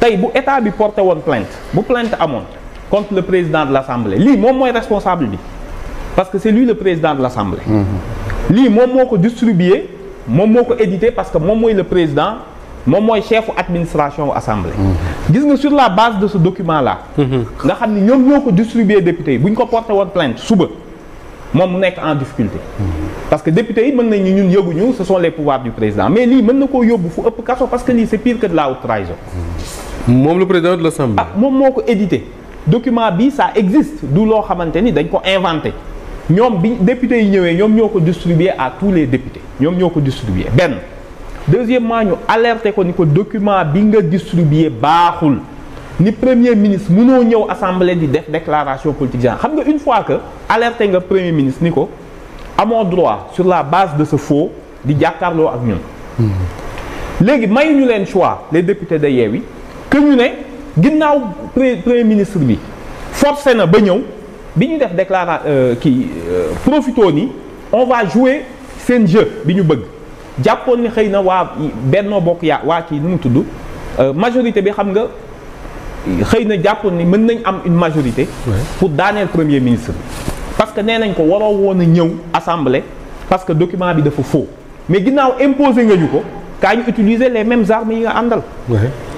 tay bu état bi porté won plainte bu plainte mon contre le président de l'assemblée mon mom est responsable bi parce que c'est lui le président de l'assemblée mm-hmm. Lui, mon moo ko distribué mon moo édité parce que mom moy le président mom moy chef administration assemblée mm-hmm. gis nga sur la base de ce document là mm-hmm. nga xamni ne ñoko distribuer distribué député députés, porté won plainte suba mom nek en difficulté parce que député yi ñun ce sont les pouvoirs du président mais il mën na parce que c'est pire que de la haute trahison moom le président de l'Assemblée. ah moom moo ko édité document bi ça existe du loo xamante dañ ko inventé ñoom bi député yi ñëwee distribué à tous les députés Ils ñoo ko distribué benn. deuxièmement ñu alerté ko ni ko document bi nga distribué baaxul ni premier ministre mëno ñëw assemblée di def déclaration politique générale xam nga une fois que alerté nga premier ministre ni ko amoo droit sur la base de ce faux di jakarlo ak ñun. Hmm. léegi mayuñu leen choix les députés de oui que ñu ne ginnaaw premier ministre bi forcé na ba ñëw déclaré qui def déclara euh, kii euh, profito ni on va jouer un jeu bi ñu bëgg jàppoon ni xëy na waa Benno Bokk yaa waa kii nu euh, majorité bi xam nga xëy na ni mën am une majorité pour daaneel premier ministre parce que nee nañ ko waroo woon a ñëw assemblée parce que document bi dafa faux mais ginnaaw imposé nga ñu ko ñu utiliser les mêmes armes yi nga andal.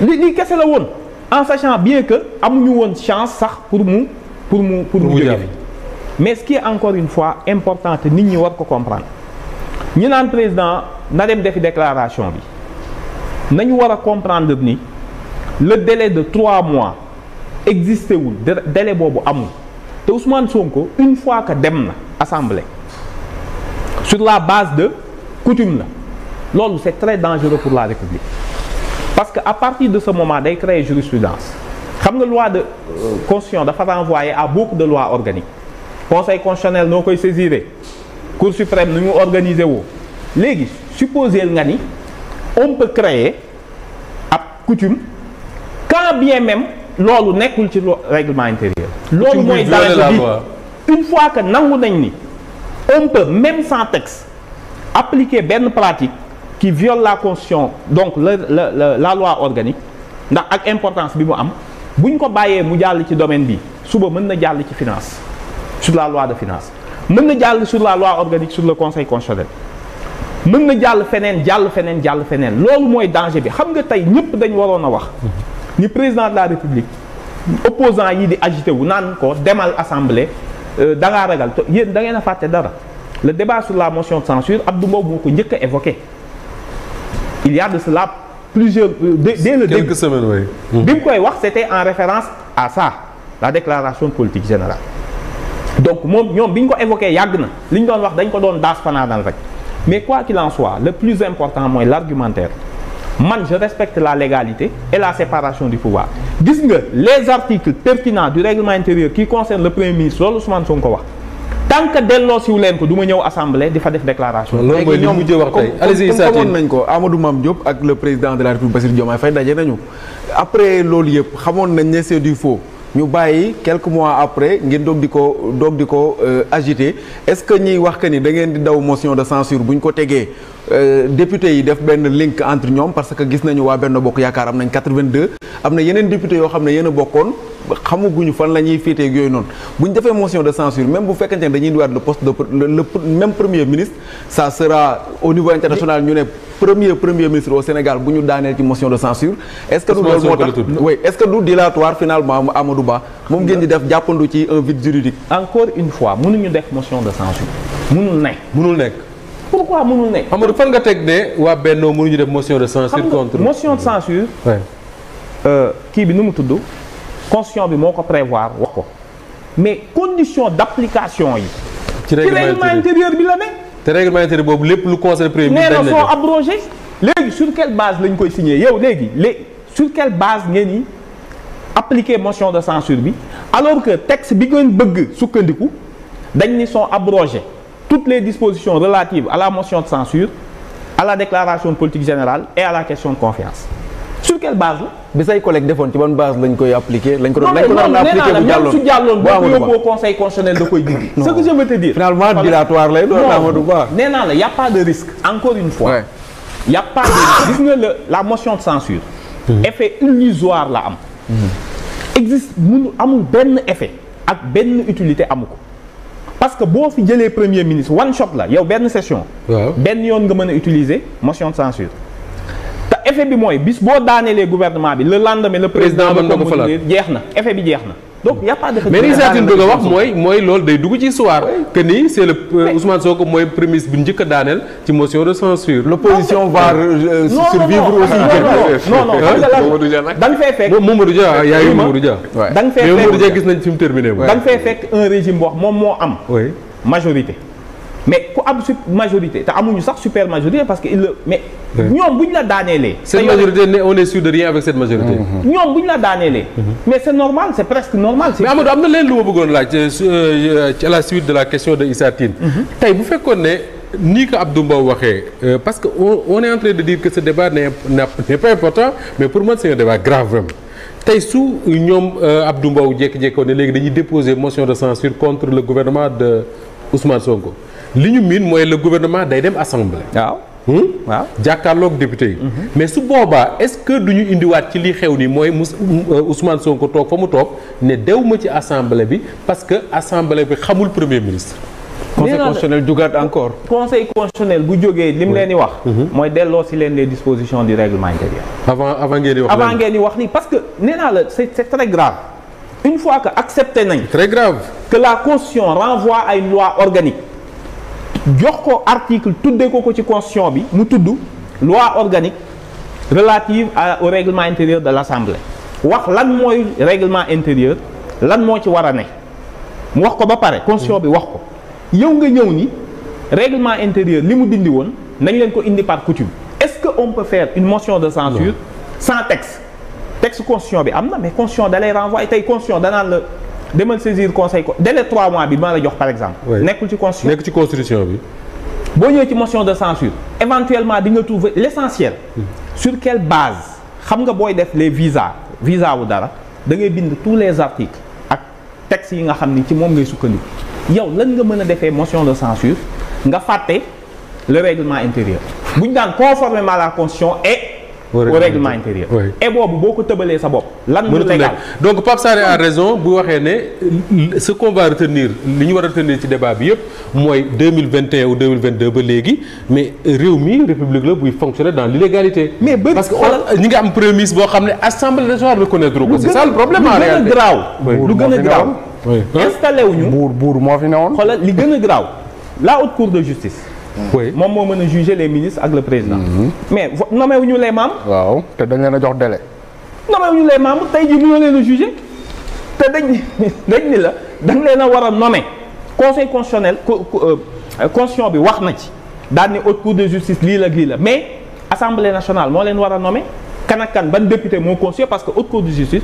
Qu'est-ce en sachant bien que avons une chance pour nous pour nous, pour nous, mais ce qui est encore une fois important nous nit ñi war ko comprendre ñu le président na dem defi déclaration Nous nañu comprendre ni le délai de trois mois existe Et délai bobu amul té Ousmane Sonko une fois que dem na assemblée sur la base de coutume c'est très dangereux pour la République parce qu'à partir de ce moment day jurisprudence comme la loi de euh, conscience faut envoyé à beaucoup de lois organiques conseil constitutionnel nous saisiré cour suprême nous ñu organiser supposé, on peut créer à coutume quand bien même loolu pas le règlement intérieur dans une fois que nangu nañ ni on peut même sans texte appliquer bonne pratique qui viole la constitution donc le la loi organique ndax ak importance bi mu am bu ñu ko ci domaine bi suba mën na jàll ci finance sur la loi de finance mën na sur la loi organique sur le conseil constitutionnel mën na jàll fenen, jàll fenen, jàll feneen loolu mooy danger bi xam nga tey ñëpp dañ waroon wax ni président de la république opposant yi di agité wu naan ko demal assemblée euh, da nga ragal yeen da ngeen a dara le débat sur la motion de censure Abdou Mbow moo il y a de cela plusieurs... Euh, dès, le Quelques début. semaines, oui. c'était en référence à ça, la déclaration politique générale. Donc, nous bingo évoqué Yagna, Mais quoi qu'il en soit, le plus important, moi, l'argumentaire. Man, je respecte la légalité et la séparation du pouvoir. Disons les articles pertinents du règlement intérieur qui concernent le Premier ministre, Ousmane Sonkowa tant que delloosiwu leen ko du ma assemblée di fa def déclaration. loolu mooy li jëw wax tay allez-y Issa Tine ko Amadou mam Diop ak le président de la République Bassirou Diomaye fay daje nañu. après lolu yëpp xamone nañ né c'est du faux ñu bayyi quelques mois après ngeen doog diko ko diko euh, agiter est-ce que ñi wax que ni da ngeen di daw motion de censure buñ ko tegee. Euh, député yi def ben link entre ñom parce que gis nañu wa benn bokk yaakaar am nañ 82 amna na yeneen député yoo xam ne yéen a xamuguñu fan la ñuy ak yoy noonu bu défé motion de censure même bu fekkante ne dañuy indiwaat le poste de le même premier ministre ça sera au niveau international ñu né premier premier ministre au Sénégal buñu ñu ci motion de censure est-ce que nous loolu oui est-ce que du dilatoire finalement Amadou Ba mom ngeen di def jappandu ci un vide juridique encore une fois mënuñu def motion de censure mënul nekk mënul nekk pourquoi mon nekk. Amadou fan nga teg ne waa Benno def motion de censure contre motion de censure. Qui euh, bi nu mu tudd de bi moo prévoir wax ko mais condition d'application yi. ci règlement intérieur bi la ne. te règlement intérieur boobu les lu conseil premiers. ministre. sont abrogés. Les sur quelle base lañ koy signer yow les. Les sur quelle base ngeen ni appliquer motion de censure bi alors que texte bi sous bëgg sukkandiku dañ ni sont abrogés toutes les dispositions relatives à la motion de censure, à la déclaration de politique générale et à la question de confiance. Sur quelle base la collègues defoon ci base lañ koy appliqué. non, ko doon lañ ko doon bu conseil constitutionnel de ce que je veux te dire. finalement dilatoire lay doon Amadou Ba. a pas de risque. encore une fois. Il n'y a pas de risque. la motion de censure. Hmm. effet illusoire la am. Hmm. existe amul effet. ak benn utilité amu parce que y a les premier ministre one shot là, une benn session. une yoon nga qui utiliser motion de censure effet bi moy bis bo boo daanelee gouvernement bi le lendemain le président mën na ko falaat effet bi jeex donc il y' a pas de. mais Richard-Tin wax moy moy lol day dugg ci soir que ni c'est le euh, Ousmane Sonko moy prémisse bi njëkk daanel ci motion de censure l'opposition va euh, survivre aussi. non non hein? non da nga fee fekk Mamadou Dia ah, yaa ngi Mamadou Dia. dang nga fek fekk Mamadou Dia gis nañ fi mu terminé. da nga fee fekk un régime boo xam moom moo am. majorité mais ku a une majorité y a sax super majorité parce que il mais. nous on la c'est cette majorité on est sûr de rien avec cette majorité. nous mm-hmm. on la majorité. Mm-hmm. mais c'est normal c'est presque normal. mais Amadou am na lu là euh, euh, à la suite de la question de Issa Tine. vous mm-hmm. bu connaître ni ko Abdou euh, parce qu'on est en train de dire que ce débat n'est pas important mais pour moi c'est un débat grave vraiment. sous su ñoom Abdou Mbow qui une motion de censure contre le gouvernement de Ousmane que nous le gouvernement day hmm? député mhm. mais est-ce que euh, Ousmane Sonko vous avez dit ne parce que premier ministre. conseil constitutionnel encore. conseil constitutionnel bu dit lim vous mhm. dispositions du règlement intérieur. avant avant avant parce que c'est très grave. une fois que accepté très grave. que la constitution renvoie à une loi organique jox ko article tuddee ko tu ci constitution bi mu tudd loi organique relative au règlement intérieur de l'Assemblée wax lan moy règlement intérieur lan mo ci wara né ne mu wax ko ba paré constitution bi wax ko yow nga ñew ni règlement intérieur limu dindi won nañ leen ko indi par coutume est-ce que on peut faire une motion de censure sans texte texte constitution bi amna mais constitution d'aller renvoi renvoyer tey constitution dana le de saisir conseil dès délai 3 mois bi maa jox par exemple. nekkul ci constitution nekk ci constitution bi. boo ñëwee ci motion de censure éventuellement di nga trouver l'essentiel hmm. sur quelle base xam nga booy def les visas visa wu dara da ngay bind tous les articles ak textes yi nga xam ni ci moom ngay sukkandiku yow lan nga mën a motion de censure nga fàtte le règlement intérieur bu ñu conformément à la constitution et au règlement intérieur et bon beaucoup de tëbalee sa bopp lan donc Pape Sané a raison bu ne ce qu'on va retenir li ñu va retenir ci débat bi 2021 ou 2022 ba mais Réumi, république la il fonctionner dans l'illégalité mais parce que ñi nga am prémisse boo xam ne assemblée nationale reconnaître ko c'est ça le problème en réalité Le gën Le installez a hein? installé wuñu buur buur moo fi la haute cour de justice oui moi, je juger les ministres avec le président. Mhm. mais les membres. vous avez dañ délai. Vous les membres juger conseil constitutionnel euh, conseil bi wax na de justice mais assemblée nationale moi leen nommer Kanakan, député parce que haute cour de justice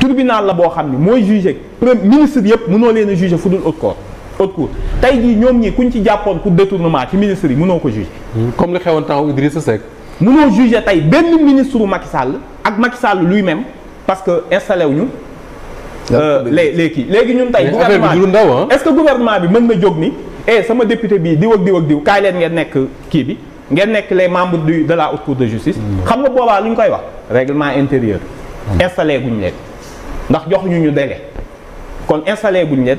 tribunal la bo ministre juger haute cour autre cour tey jii ñoom ñi kuñ ci jàppoon ku détournement ci ministère mëno ko juge comme li xewon temps Idrissa Seck mëno juge tay benn ministre u Macky Sall ak Macky Sall lui-même parce que installé wuñu euh les les qui légui ñun tay hein. gouvernement est-ce que gouvernement bi mëna jog ni eh sama député bi diw ak diw ak diw kay leen ngeen nek kii bi ngeen nek les membres du de la haute cour de justice hmm. xam nga boba luñ koy wax règlement intérieur hmm. installé guñ leen ndax jox ñu ñu délai kon installé guñ leen